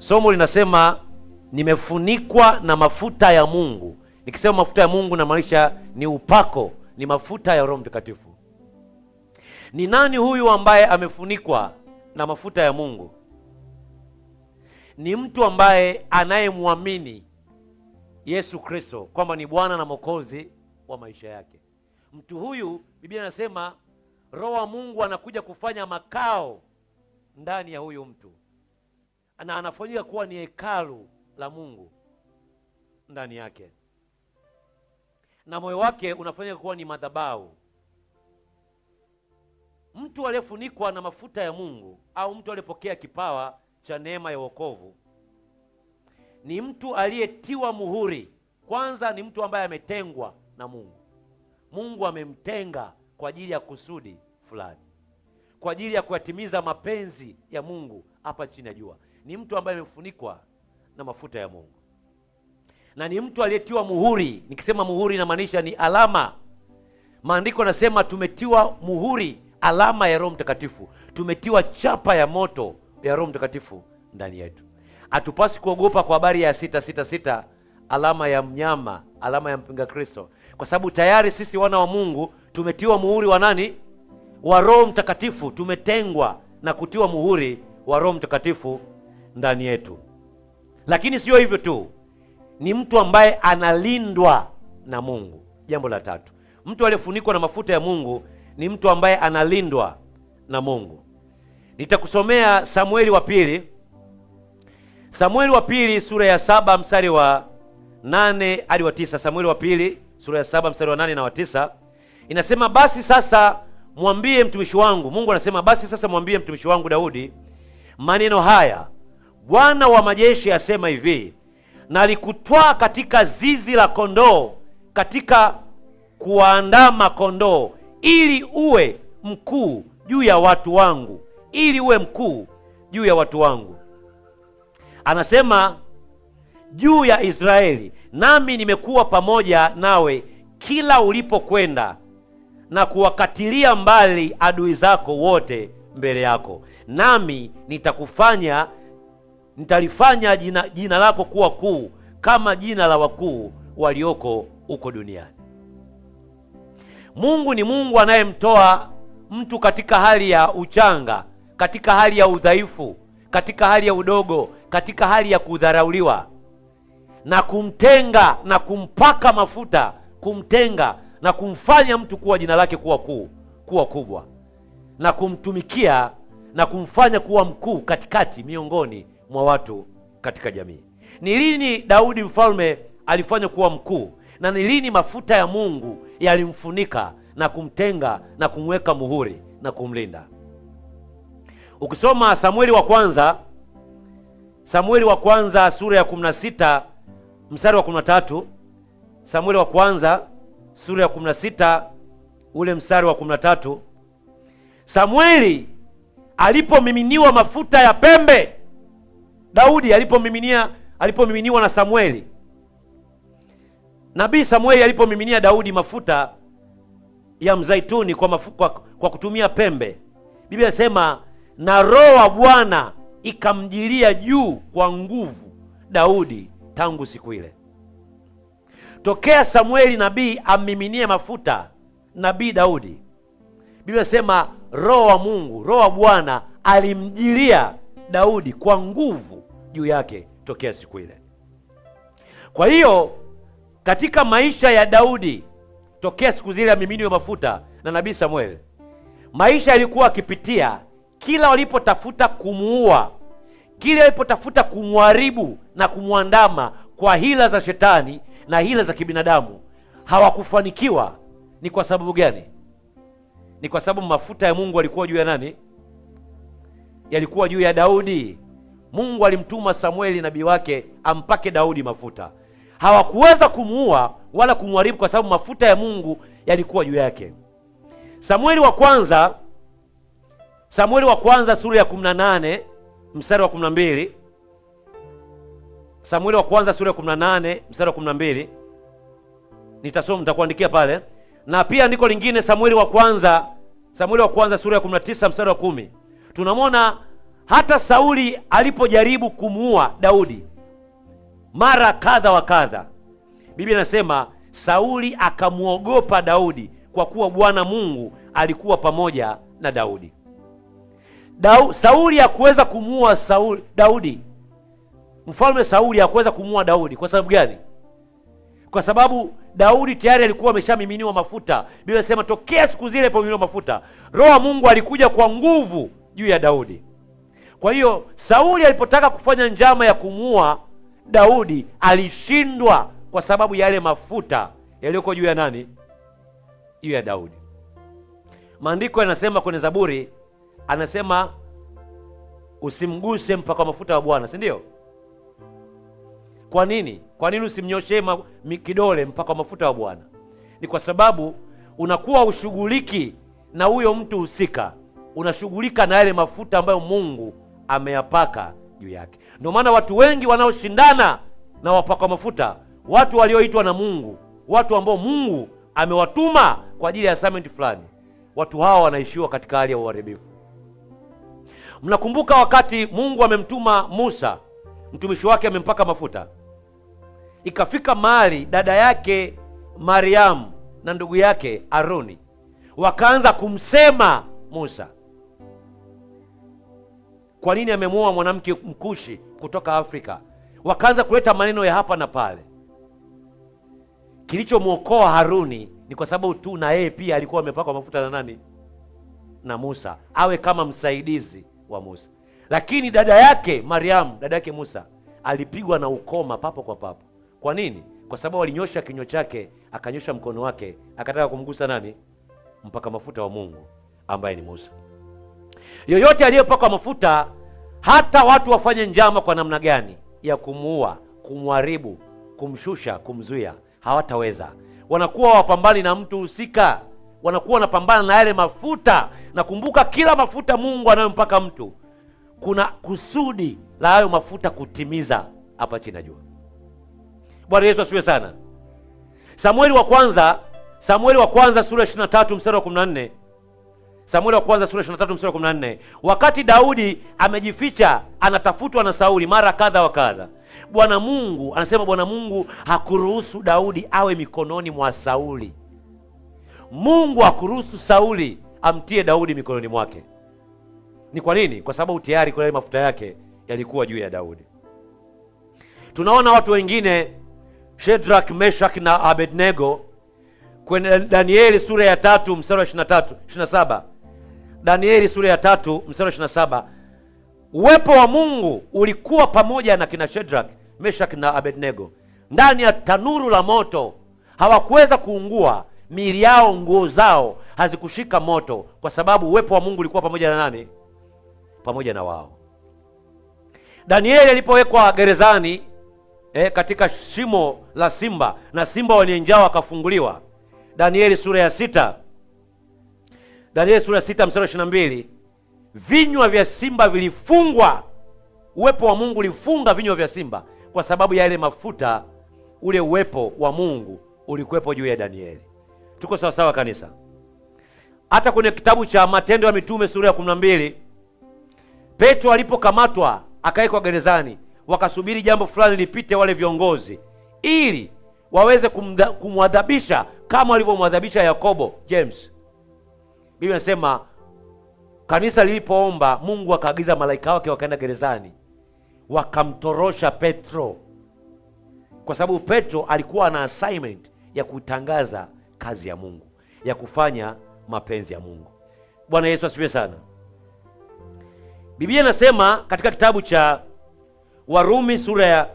somo linasema nimefunikwa na mafuta ya Mungu. Nikisema mafuta ya Mungu namaanisha ni upako, ni mafuta ya Roho Mtakatifu. Ni nani huyu ambaye amefunikwa na mafuta ya Mungu? Ni mtu ambaye anayemwamini Yesu Kristo kwamba ni Bwana na Mwokozi wa maisha yake. Mtu huyu Biblia anasema Roho wa Mungu anakuja kufanya makao ndani ya huyu mtu na anafanyika kuwa ni hekalu la Mungu ndani yake, na moyo wake unafanyika kuwa ni madhabahu. Mtu aliyefunikwa na mafuta ya Mungu au mtu aliyepokea kipawa cha neema ya wokovu ni mtu aliyetiwa muhuri. Kwanza ni mtu ambaye ametengwa na Mungu. Mungu amemtenga kwa ajili ya kusudi fulani, kwa ajili ya kuyatimiza mapenzi ya Mungu hapa chini ya jua ni mtu ambaye amefunikwa na mafuta ya Mungu na ni mtu aliyetiwa muhuri. Nikisema muhuri, inamaanisha ni alama. Maandiko nasema tumetiwa muhuri, alama ya Roho Mtakatifu, tumetiwa chapa ya moto ya Roho Mtakatifu ndani yetu. Hatupasi kuogopa kwa habari ya sita sita sita, alama ya mnyama, alama ya mpinga Kristo, kwa sababu tayari sisi wana wa Mungu tumetiwa muhuri wa nani? Wa Roho Mtakatifu. Tumetengwa na kutiwa muhuri wa Roho Mtakatifu ndani yetu. Lakini sio hivyo tu, ni mtu ambaye analindwa na Mungu. Jambo la tatu, mtu aliyefunikwa na mafuta ya Mungu ni mtu ambaye analindwa na Mungu. Nitakusomea Samueli wa pili, Samueli wa pili sura ya saba mstari wa nane hadi wa tisa. Samueli wa pili sura ya saba mstari wa nane na wa tisa inasema, basi sasa mwambie mtumishi wangu. Mungu anasema basi sasa mwambie mtumishi wangu Daudi maneno haya Bwana wa majeshi asema hivi, nalikutwaa katika zizi la kondoo, katika kuwaandaa makondoo, ili uwe mkuu juu ya watu wangu, ili uwe mkuu juu ya watu wangu. Anasema juu ya Israeli, nami nimekuwa pamoja nawe kila ulipokwenda na kuwakatilia mbali adui zako wote mbele yako, nami nitakufanya nitalifanya jina, jina lako kuwa kuu kama jina la wakuu walioko huko duniani. Mungu ni Mungu anayemtoa mtu katika hali ya uchanga, katika hali ya udhaifu, katika hali ya udogo, katika hali ya kudharauliwa na kumtenga na kumpaka mafuta, kumtenga na kumfanya mtu kuwa jina lake kuwa kuu, kuwa kubwa na kumtumikia na kumfanya kuwa mkuu katikati miongoni mwa watu katika jamii. Ni lini Daudi mfalme alifanywa kuwa mkuu, na ni lini mafuta ya Mungu yalimfunika na kumtenga na kumweka muhuri na kumlinda? Ukisoma Samueli wa kwanza, Samueli wa kwanza sura ya 16 mstari wa 13, Samueli wa kwanza sura ya sita ule mstari wa tatu Samueli alipomiminiwa mafuta ya pembe Daudi alipomiminia alipomiminiwa na Samueli, nabii Samueli alipomiminia Daudi mafuta ya mzaituni kwa, mafu, kwa, kwa kutumia pembe, Biblia inasema na roho wa Bwana ikamjilia juu kwa nguvu Daudi tangu siku ile. Tokea Samueli nabii ammiminie mafuta nabii Daudi, Biblia inasema roho wa Mungu, roho wa Bwana alimjilia Daudi kwa nguvu juu yake tokea siku ile. Kwa hiyo katika maisha ya Daudi tokea siku zile ya ya mafuta na nabii samuel maisha yalikuwa akipitia kila walipotafuta kumuua, kila walipotafuta kumwharibu na kumwandama kwa hila za shetani na hila za kibinadamu hawakufanikiwa. Ni kwa sababu gani? Ni kwa sababu mafuta ya Mungu yalikuwa juu ya nani? Yalikuwa juu ya Daudi. Mungu alimtuma Samueli nabii wake ampake Daudi mafuta. Hawakuweza kumuua wala kumharibu kwa sababu mafuta ya Mungu yalikuwa juu yake. Samueli wa kwanza, Samueli wa kwanza sura ya 18 mstari wa 12. Samueli wa kwanza sura ya 18 mstari wa 12. Nitasoma, nitakuandikia pale na pia andiko lingine Samueli wa kwanza, Samueli wa kwanza sura ya 19 mstari wa kumi tunamwona hata Sauli alipojaribu kumuua Daudi mara kadha wa kadha, Biblia inasema Sauli akamwogopa Daudi kwa kuwa Bwana Mungu alikuwa pamoja na Daudi. Dau, Sauli hakuweza kumuua Sauli Daudi. Mfalme Sauli hakuweza kumuua Daudi kwa sababu gani? Kwa sababu Daudi tayari alikuwa ameshamiminiwa mafuta. Biblia inasema tokea siku zile alipomiminiwa mafuta, Roho wa Mungu alikuja kwa nguvu juu ya Daudi. Kwa hiyo Sauli alipotaka kufanya njama ya kumua Daudi alishindwa kwa sababu ya yale mafuta yaliyoko juu ya nani? Juu ya Daudi. Maandiko yanasema kwenye Zaburi, anasema usimguse mpaka mafuta wa Bwana, si ndio? Kwa nini? Kwa nini usimnyoshe kidole mpaka mafuta wa Bwana? Ni kwa sababu unakuwa ushughuliki na huyo mtu husika, unashughulika na yale mafuta ambayo Mungu ameyapaka juu yake. Ndio maana watu wengi wanaoshindana na wapakwa mafuta, watu walioitwa na Mungu, watu ambao Mungu amewatuma kwa ajili ya assignment fulani, watu hawa wanaishiwa katika hali ya uharibifu. Mnakumbuka wakati Mungu amemtuma Musa mtumishi wake, amempaka mafuta, ikafika mahali dada yake Mariamu na ndugu yake Aroni wakaanza kumsema Musa kwa nini amemwoa mwanamke mkushi kutoka Afrika? Wakaanza kuleta maneno ya hapa na pale. Kilichomwokoa Haruni ni kwa sababu tu na yeye pia alikuwa amepakwa mafuta na nani? Na Musa, awe kama msaidizi wa Musa. Lakini dada yake Mariamu, dada yake Musa, alipigwa na ukoma papo kwa papo. Kwa nini? Kwa sababu alinyosha kinywa chake, akanyosha mkono wake, akataka kumgusa nani? Mpaka mafuta wa Mungu ambaye ni Musa. Yoyote aliyepakwa mafuta, hata watu wafanye njama kwa namna gani ya kumuua, kumharibu, kumshusha, kumzuia, hawataweza. Wanakuwa wapambani na mtu husika, wanakuwa wanapambana na yale mafuta. Na kumbuka, kila mafuta Mungu anayompaka mtu kuna kusudi la hayo mafuta kutimiza. Hapa chini najua. Bwana Yesu asifiwe sana. Samueli wa kwanza, Samueli wa kwanza sura 23 mstari wa 14 Samueli wa kwanza sura 23 mstari wa 14. Wakati Daudi amejificha anatafutwa na Sauli mara kadha wa kadha, Bwana Mungu anasema, Bwana Mungu hakuruhusu Daudi awe mikononi mwa Sauli. Mungu hakuruhusu Sauli amtie Daudi mikononi mwake. Ni kwa nini? Kwa sababu tayari kwa mafuta yake yalikuwa juu ya Daudi. Tunaona watu wengine Shedrak, Meshak na Abednego kwenye Danieli sura ya tatu mstari wa 23, 27 Danieli sura ya tatu mstari wa saba uwepo wa Mungu ulikuwa pamoja na kina Shadrach, Meshach na Abednego ndani ya tanuru la moto. Hawakuweza kuungua, miili yao, nguo zao hazikushika moto, kwa sababu uwepo wa Mungu ulikuwa pamoja na nani? Pamoja na wao. Danieli alipowekwa gerezani eh, katika shimo la simba na simba wenye njao wakafunguliwa, Danieli sura ya sita Danieli sura sita mstari ishirini na mbili vinywa vya simba vilifungwa. Uwepo wa Mungu ulifunga vinywa vya simba kwa sababu ya ile mafuta, ule uwepo wa Mungu ulikuwepo juu ya Danieli. Tuko sawasawa kanisa? Hata kwenye kitabu cha Matendo ya Mitume sura ya kumi na mbili Petro alipokamatwa akawekwa gerezani, wakasubiri jambo fulani lipite wale viongozi ili waweze kumwadhabisha kama walivyomwadhabisha Yakobo, James Biblia inasema kanisa lilipoomba, Mungu akaagiza malaika wake wakaenda gerezani, wakamtorosha Petro, kwa sababu Petro alikuwa na assignment ya kutangaza kazi ya Mungu, ya kufanya mapenzi ya Mungu. Bwana Yesu asifiwe sana. Biblia inasema katika kitabu cha Warumi sura ya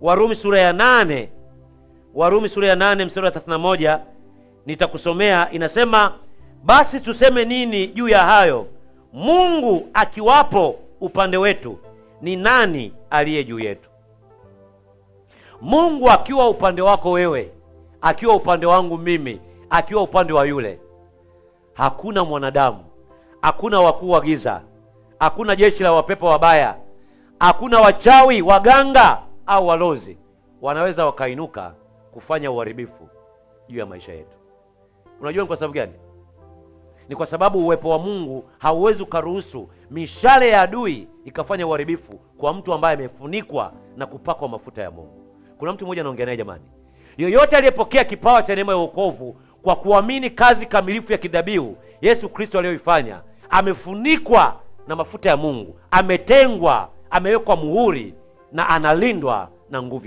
Warumi sura ya nane Warumi sura ya nane mstari wa 31 nitakusomea, inasema basi tuseme nini juu ya hayo? Mungu akiwapo upande wetu, ni nani aliye juu yetu? Mungu akiwa upande wako wewe, akiwa upande wangu mimi, akiwa upande wa yule, hakuna mwanadamu, hakuna wakuu wa giza, hakuna jeshi la wapepo wabaya, hakuna wachawi, waganga au walozi wanaweza wakainuka kufanya uharibifu juu ya maisha yetu. Unajua ni kwa sababu gani? ni kwa sababu uwepo wa Mungu hauwezi ukaruhusu mishale ya adui ikafanya uharibifu kwa mtu ambaye amefunikwa na kupakwa mafuta ya Mungu. Kuna mtu mmoja anaongea naye jamani, yoyote aliyepokea kipawa cha neema ya wokovu kwa kuamini kazi kamilifu ya kidhabihu Yesu Kristo aliyoifanya, amefunikwa na mafuta ya Mungu, ametengwa, amewekwa muhuri na analindwa na nguvu ya